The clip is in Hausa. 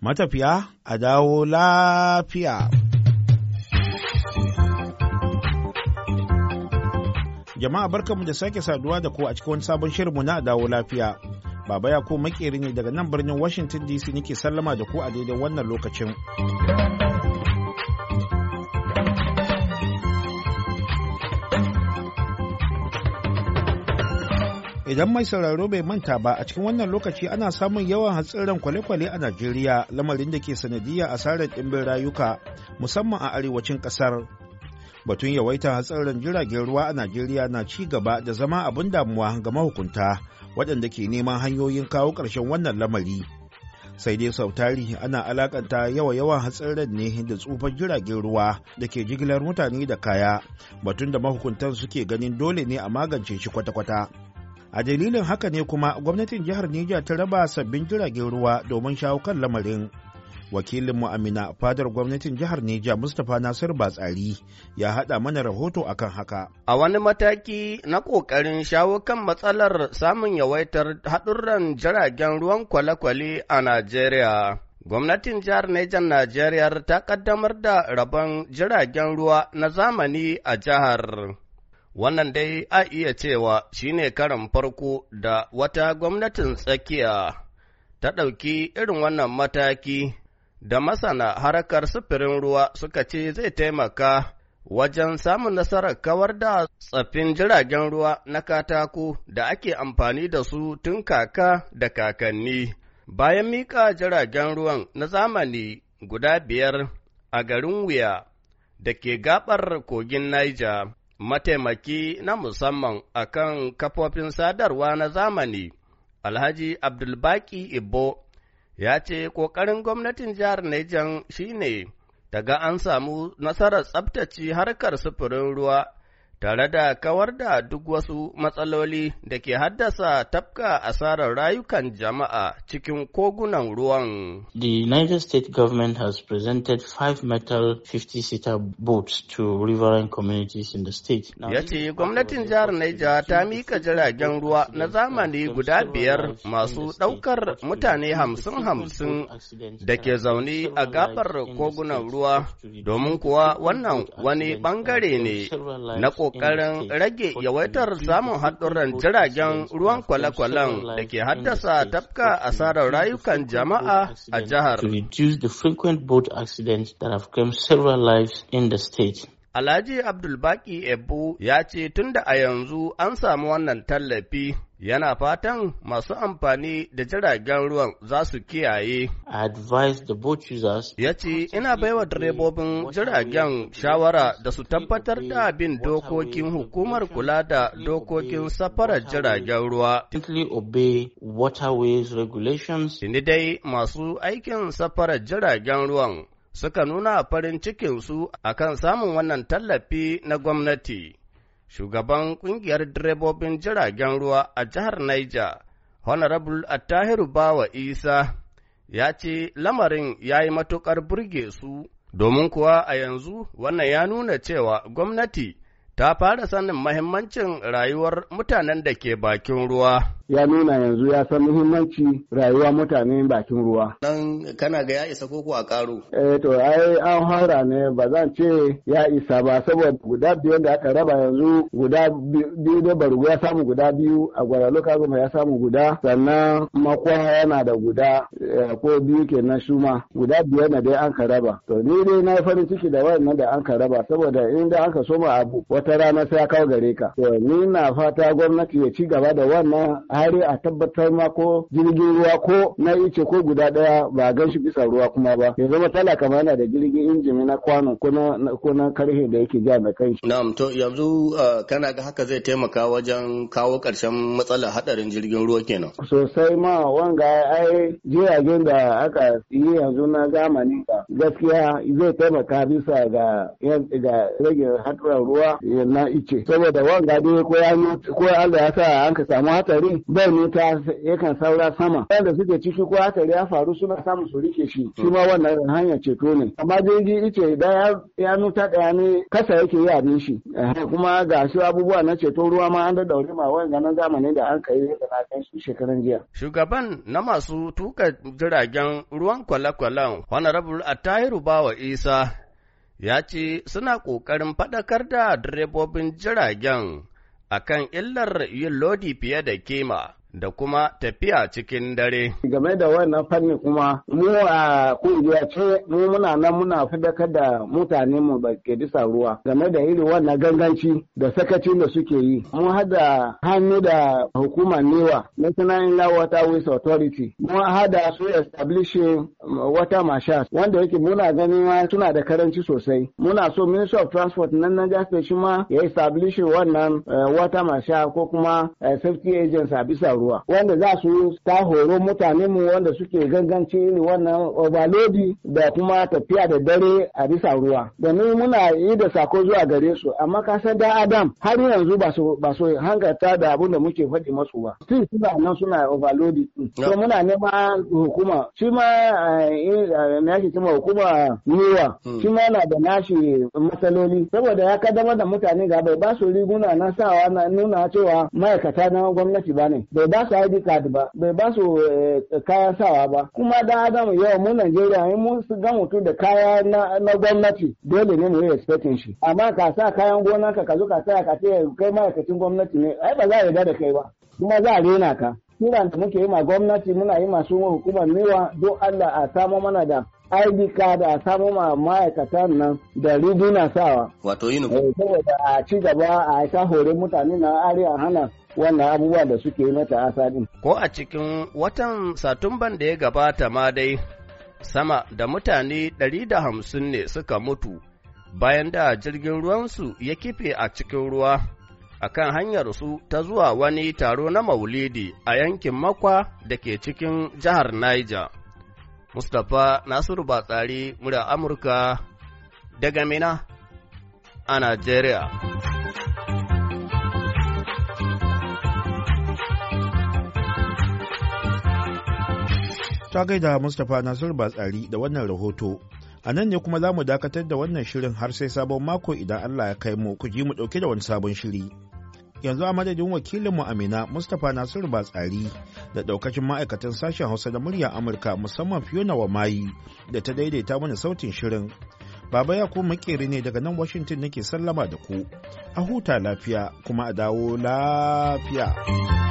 matafiya a dawo lafiya. Jama'a barkanmu da sake saduwa da ku a cikin wani sabon shirinmu na dawo lafiya. Baba ya ko makeri ne daga nan birnin Washington DC nake sallama da ku a daidai wannan lokacin. Idan mai sauraro bai manta ba a cikin wannan lokaci ana samun yawan ran kwale-kwale a Najeriya lamarin da ke sanadiyya asarar ɗimbin rayuka musamman a arewacin ƙasar. Batun yawaitar hatsarin jiragen ruwa a Najeriya na ci gaba da zama abin damuwa ga mahukunta waɗanda ke neman hanyoyin kawo ƙarshen wannan lamari. sai dai sau tarihi ana alakanta yawa-yawan hatsarin ne da tsufan jiragen ruwa da ke jigilar mutane da kaya batun da mahukuntan suke ganin dole ne a magance shi kwata-kwata. a dalilin haka ne kuma gwamnatin jihar Niger ta raba sabbin jiragen ruwa domin shawo kan lamarin wakilinmu amina fadar gwamnatin jihar Neja Mustapha Nasir Batsari ya haɗa mana rahoto akan haka. A wani mataki na ƙoƙarin shawo kan matsalar samun yawaitar haɗurran jiragen ruwan kwale-kwale a Najeriya. Gwamnatin jihar Nejan Najeriya ta ƙaddamar da rabon jiragen ruwa na zamani a jihar. Wannan dai a iya cewa shine ne farko da wata gwamnatin tsakiya ta ɗauki irin wannan mataki da masana harkar sufurin ruwa suka ce zai taimaka wajen samun nasarar kawar da tsaffin jiragen ruwa na katako da ake amfani da su tun kaka da kakanni. Bayan miƙa jiragen ruwan na zamani guda biyar a garin Wuya da ke gabar kogin Niger, mataimaki na musamman a kan kafofin sadarwa na zamani, Alhaji Abdulbaki Ibo, ya ce ƙoƙarin gwamnatin jihar Nijan shi ne, daga an samu nasarar tsabtace harkar sufurin ruwa tare da kawar da duk wasu matsaloli da ke haddasa tafka asarar rayukan jama'a cikin kogunan ruwan. The United States government has presented five metal 50-seater boats to riverine communities in the state. Ya ce gwamnatin jihar Niger ta mika jiragen ruwa na zamani guda biyar masu ɗaukar mutane hamsin-hamsin da ke zaune a gabar kogunan ruwa domin kuwa wannan wani bangare ne na ƙoƙarin rage yawaitar samun haɗurran jiragen ruwan kwale-kwalen da ke haddasa tafka asarar rayukan jama'a a jihar. Alhaji Abdulbaki Ebu ya ce tun da a yanzu an samu wannan tallafi yana fatan masu amfani da jiragen ruwan za su kiyaye. Ya ce, Ina baiwa direbobin jiragen shawara da su tabbatar da bin dokokin hukumar kula da dokokin safarar jiragen ruwa. Ni dai masu aikin safarar jiragen ruwan suka nuna farin cikinsu akan samun wannan tallafi na gwamnati. shugaban ƙungiyar direbobin jiragen ruwa a jihar Niger, Honorable Attahiru Bawa Isa, ya ce lamarin ya yi matuƙar burge su, domin kuwa a yanzu wannan ya nuna cewa gwamnati ta fara sanin mahimmancin rayuwar mutanen da ke bakin ruwa. Ya nuna yanzu ya san muhimmanci rayuwa mutane bakin ruwa. Nan kana ga ya isa ko a karo? Eh to ai an hara ne ba zan ce ya isa ba saboda guda biyu da aka raba yanzu guda biyu da barugu ya samu guda biyu a gwara lokacin ya samu guda sannan makwa yana da guda eh, ko biyu kenan shuma guda biyu na dai an ka raba. To ni dai na yi farin ciki da wannan da an ka raba saboda in da an ka soma abu wata wata rana sai ya kawo gare ka. To ni na fata gwamnati ya ci gaba da wannan hari a tabbatar ma ko jirgin ruwa ko na ice ko guda ɗaya ba a gan shi bisa ruwa kuma ba. Ya zama tala kamar yana da jirgin injimi na kwano ko na karhe da yake ja da kanshi. Na'am to yanzu uh, kana ga haka zai taimaka wajen kawo karshen matsalar haɗarin jirgin ruwa kenan. Sosai ma wanga ai jiragen da aka yi yanzu na zamani ba gaskiya zai taimaka bisa ga ga rage hatsarin ruwa na ice saboda wanga dai ko ya ko Allah ya sa an ka samu hatsari bai ne ta yakan saura sama wanda suke ciki ko hatsari ya faru suna samun su rike shi shi ma wannan hanya ceto ne amma jirgi ice idan ya nuta daya ne kasa yake yi abin shi kuma ga shi abubuwa na ceto ruwa ma an da daure ma wanga na zamanin da an kai da na kan shekaran jiya shugaban na masu tuka jiragen ruwan kwalakwalan. honorable Tahiru Bawa Isa ya ce suna ƙoƙarin faɗakar da direbobin jiragen a kan illar yin lodi fiye da kima da kuma tafiya cikin dare. Game da wannan fanni kuma mu a kungiya ce mu muna nan muna fadakar da mutane mu ba ke bisa ruwa game da irin wannan ganganci da sakacin da suke yi. Mu hada hannu da hukumar NEWA National Inland Waterways Authority. Mu hada su establishing water marshals wanda yake muna gani ma suna da karanci sosai. Muna so Minister of Transport nan na Jasper shi ma ya establishing wannan eh, water marshal ko kuma eh, safety agents a bisa ruwa wanda za su ta horo mutane mu wanda suke ganganci irin wannan obalodi da kuma tafiya da dare a bisa ruwa ni muna yi da sako zuwa gare su amma ka san da adam har yanzu ba su ba su da abin da muke faɗi masu ba still suna nan suna obalodi so muna nema hukuma shi ma nashi eh, eh, kuma hukuma yiwa. Hmm. shi ma na da nashi matsaloli saboda ya kaddamar da mutane ga bai ba su riguna na sawa na nuna cewa ma'aikata na gwamnati ba ne bai ba su ID card ba bai ba su eh, kayan sawa ba kuma da adam yau mu Najeriya in mun ga mutum da kaya na gwamnati dole ne mu yi shi amma ka sa kayan gona ka zo ka sa ka ce kai ma'aikacin gwamnati ne ai ba za a yarda da kai ba kuma za a rena ka kiran da muke yi ma gwamnati muna yi masu hukumar niwa don Allah a samo mana da ID card a samu ma ma'aikatan nan da riduna sawa. Wato yi eh, Saboda a ci gaba a ta horin mutane na arewa hana wannan abubuwa da suke mata mata asalin. Ko a cikin watan Satumban da ya gabata ma dai, sama da mutane ɗari da hamsin ne suka mutu bayan da jirgin ruwansu ya kife a cikin ruwa a kan hanyarsu ta zuwa wani taro na maulidi a yankin makwa da ke cikin jihar Niger. Mustapha Nasiru Batsari, murya Amurka, daga Mina a Najeriya. ta gaida Mustapha Nasiru Batsari da wannan rahoto. A nan ne kuma za mu dakatar da wannan shirin har sai sabon mako idan Allah ya kai mu ku ji mu ɗauke da wani sabon shiri. Yanzu a madadin wakilinmu Amina Mustapha Nasiru Batsari da ɗaukacin ma'aikatan sashen Hausa da muryar Amurka musamman Fiona wa Mayi da ta daidaita mana sautin shirin. Baba ya ku makeri ne daga nan Washington nake sallama da ku. A huta lafiya kuma a dawo lafiya.